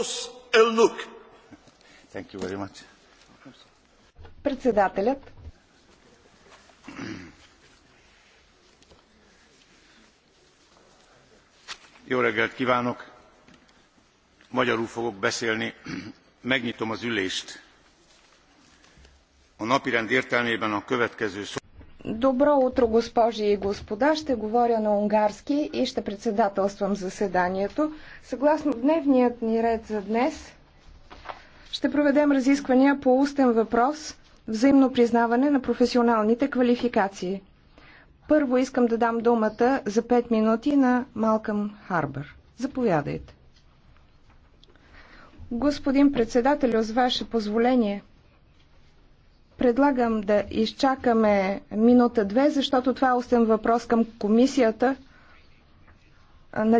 Ос Елнук. Thank you very much. Председателят. Jó reggelt kívánok! Magyarul fogok beszélni. Megnyitom az ülést. A napirend értelmében a következő szó... Добро утро, госпожи и господа. Ще говоря на унгарски и ще председателствам заседанието. Съгласно дневният ни ред за днес, ще проведем разисквания по устен въпрос взаимно признаване на професионалните квалификации. Първо искам да дам думата за 5 минути на Малкъм Харбър. Заповядайте. Господин председател, с ваше позволение – Предлагам да изчакаме минута-две, защото това е осен въпрос към комисията.